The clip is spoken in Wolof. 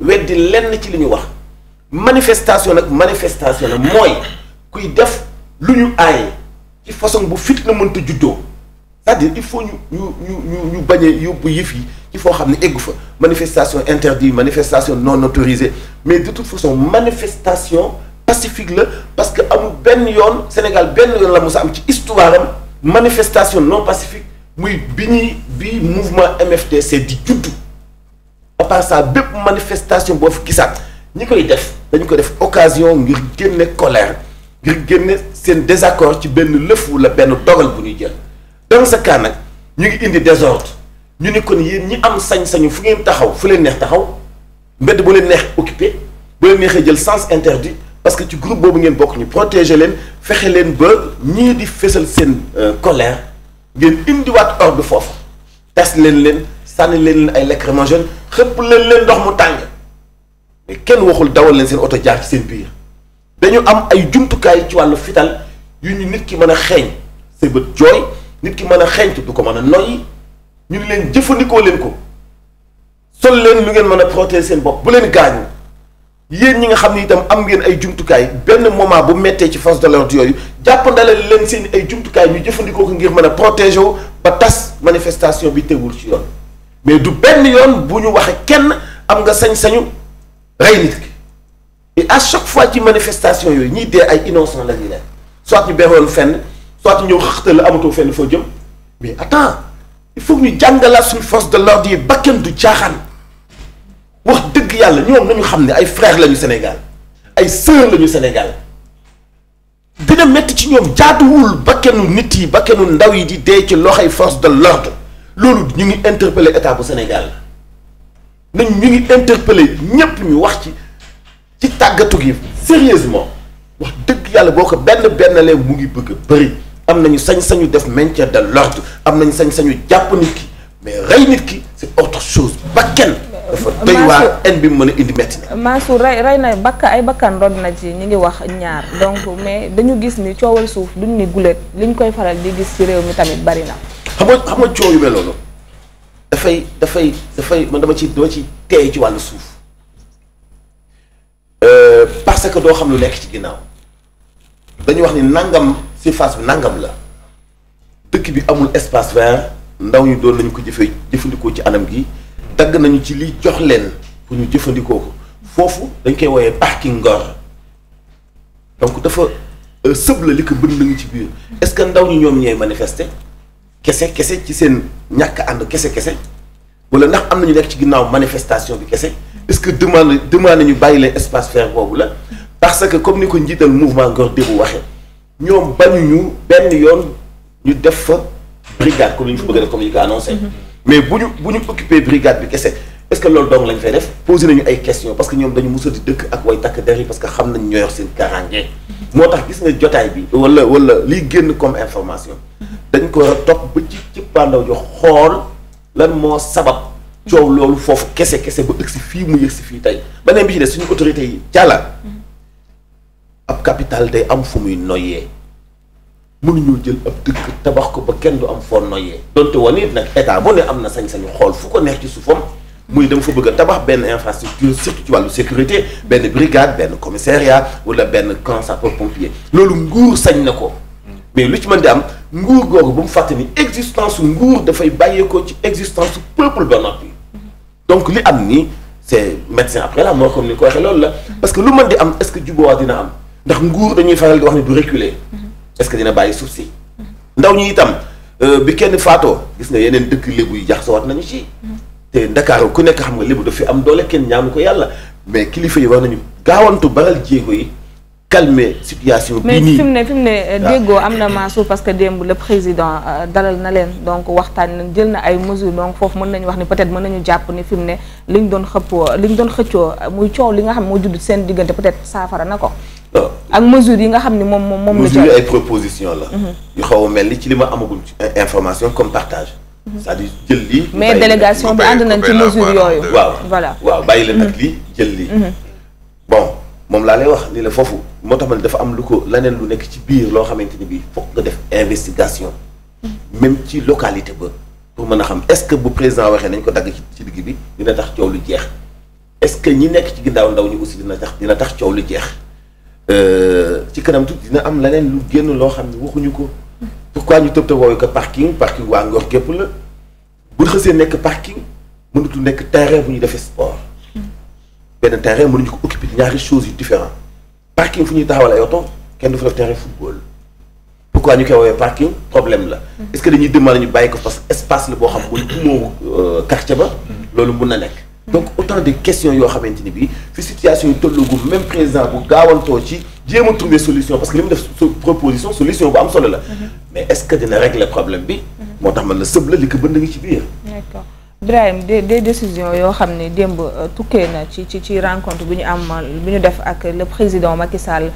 weddi lenn ci li ñu wax manifestation nag manifestation la mooy kuy def lu ñu aaye ci façon bu fitna mënta juddoo c'est-à-dire il faut ñu ñu ñu ñu bañ a yóbbu yëf yi ci foo xam ne eggu fa manifestation interdite manifestation non autorisée mais de toute façon manifestation pacifique la parce que amul benn yoon Sénégal benn yoon la musa am ci histoire am manifestation non pacifique muy bi ñuy bi mouvement MFDC di juddu. à part bépp manifestation boo fi gisaat ñi koy def dañu ko def occasion ngir génne colère ngir génne seen désaccord ci benn lëf wala benn dogal bu ñuy jël dans ce cas nag ñu ngi indi désordre ñu ni kon yéen ñi am sañ-sañu fu ngeen taxaw fu leen neex taxaw mbedd bu leen neex occupé bu leen neexee jël sens interdit parce que ci groupe boobu ngeen bokk ñu protéger leen fexe leen ba ñii di fésal seen euh, colère ngeen indiwaat ordre foofu tas leen leen sànni leen ay lacrymogène xëpp leen leen ndox mu tàng kenn waxul dawal leen seen oto jaar ci seen biir am ay jumtukaay ci wàllu fital yu ñu nit ki mën a xeeñ sa bët jooy nit ki mën a xeeñtu du ko mën a noyyi ñu ni leen jëfandikoo leen ko sol leen lu ngeen mën a protéger seen bopp bu leen gaañu yéen ñi nga xam ne itam am ngeen ay jumtukaay benn moment bu mettee ci force de l'ordre yooyu jàppandale leen seen ay jumtukaay ñu jëfandikoo ngir mën a protéger wu ba tas manifestation bi teewul ci yoon. mais du benn yoon bu ñu waxee kenn am nga sañ-sañu rey nit ki et à chaque fois ci manifestation yooyu ñii dee ay innocent la ñuy nekk soit ñu beroon fenn soit ñëw xëxtal la amatoo fenn foo jëm mais attends il faut ñu jàngalaat suñu force de l'ordre yi ba kenn du caaxaan wax dëgg yàlla ñoom nañu xam ne ay frères lañu Sénégal ay sœurs lañu Sénégal dina métti ci ñoom jaatuwul bakkanu nit yi bakkanu ndaw yi di dee ci loxoy force de l'ordre loolu ñu ngi interpellé état bu Sénégal nañ ñu ngi interpellé ñépp ñu wax ci ci tàggatu gi sérieusement wax dëgg yàlla boo ko benn benn lee mu ngi bëgg a bëri am ñu sañ-sañu def maintien de l'ordre am nañu sañ-sañu jàpp nit ki mais rey nit ki c'est autre chose bakkan dafa doy waa en bi mu mën a indi métti na Mansour rey rey na bakka ay bakkan rod na ci ñu ngi wax ñaar donc mais dañu gis ni coowal suuf duñ ni guléet liñ koy faral di gis ci réew mi tamit bari na xam nga xam nga coow yu mel dafay dafay dafay man dama ci dama ci teey ci wàllu suuf euh, parce que doo xam lu nekk ci ginnaaw dañuy wax ni nangam surface bi nangam la dëkk bi amul espace vert ndaw ñu doon nañu ko jëfee jëfandikoo ci anam gi dagg nañu ci li jox leen pour ñu jëfandikoo ko foofu dañ koy woowee parking Ngor donc dafa euh, sëb la li ko bëri na ci biir est-ce que ndaw ñi ñoom ñooy manifester. kese kese ci seen ñàkk ànd kese kese wala ndax am nañu nekk ci ginnaaw manifestation bi kese est-ce que demande demande ñu bàyyi leen espace vert boobu la parce que comme ni ko njiital mouvement Ngor Debout waxee ñoom ñu benn yoon ñu def fa brigade comme ni ñu ko bëgg a comme ñu ko annoncé mm-hmm. mais bu ñu bu ñu occupé brigade bi kese est-ce que loolu dong lañ fay def posé nañu ay questions parce que ñoom dañu mos di dëkk ak way takk der yi parce que xam nañ ñoo yor seen karange moo tax gis nga jotaay bi wala wala liy génn comme information dañ ko topp ba ci ci pandaw jo xool lan moo sabab coow foofu kese kese ba ëgsi fii mu yëgsi fii tey beneen bi suñu autorités yi ab capital day am fu muy noyee noyyee mënuñoo jël ab dëkk tabax ko ba kenn du am foo noyyee donte woon it nag état bu ne am na sañ-sañu xool fu ko neex ci suufam muy dama fa bëgg a tabax benn infrastructure surtout ci wàllu sécurité benn brigade benn commissariat wala benn camp sapeur pompier loolu nguur sañ na ko mais lu ci mën di am nguur googu bu mu fàtte ni existence nguur dafay bàyyeekoo ci existence peuple ba noppi donc li am nii c'est médecin après la moo comme ni ko waxee loolu la parce que lu mën di am est-ce que jubbowaat dina am ndax nguur dañuy faral di wax ni du reculer est que dina bàyyi suuf si ndaw ñi itam euh, bi kenn faatoo gis nga yeneen dëkk lébu yi jaxasowaat nañu ci te Dakar ku nekk xam nga lébu dafa am doole kenn ñaanu ko yàlla mais kilifa yi war nañu gaawantu baral jéego yi calmer situation. bii nii mais ne fi ne déggoo am na Mansour parce que démb le président euh, dalal na leen donc waxtaan jël na ay mesures donc foofu mën nañu wax ni peut-être mën nañu jàpp ni fi ne liñ doon xëppoo liñ doon xëccoo euh, muy coow li nga xam moo judd moom moom moom la. ay proposition la. Mhm. yu xaw a mel ni ci li ma amagum euh, information comme Mhm. cest à jël lii. mais délégation bi ànd nañ ci mesure yooyu. waaw voilà bàyyi leen ak mhm. lii jël lii. Mhm. bon moom laa lay wax ni la foofu moo tax ma ne dafa am lu ko leneen lu nekk ci biir loo xamante ni bii foog nga def investigation. même ci localité ba pour mën a xam est-ce que bu président waxee nañ ko dagg ci digg bi dina tax coow lu jeex. est-ce que ñi nekk ci ginnaaw ndaw ñi aussi dina tax dina tax coow lu jeex euh, ci kanam tuuti dina am leneen lu génn loo xam ne waxuñu ko. pourquoi ñu tëb te woowee ko parking parking waa Ngor gépp la bu xësee nekk parking mënutul nekk terrain bu ñuy defee sport benn terrain mënuñu ko occuper ñaari choses yu différent parking fu ñuy taxawal ay oto kenn du fa def terrain football pourquoi ñu koy woowee parking problème la est-ce que dañuy demande ñu bàyyi ko parce que espace la boo xam mun umoo euh, quartier ba loolu mun na nekk donc autant de questions yoo xamante ni bii fi situation yi tolloogu même président bu gaawantoo ci jéem a solution parce que li mu def solution bu am solo la mais est-ce que dina régler problème bi. Mhm. moo tax man la sëb la li ko bënd ngi ci biir. d'accord Birahim des des décisions yoo xam ne démb euh, tukkee na ci ci ci rencontre bi ñu amal euh, bi ñu def ak le président Macky Sall.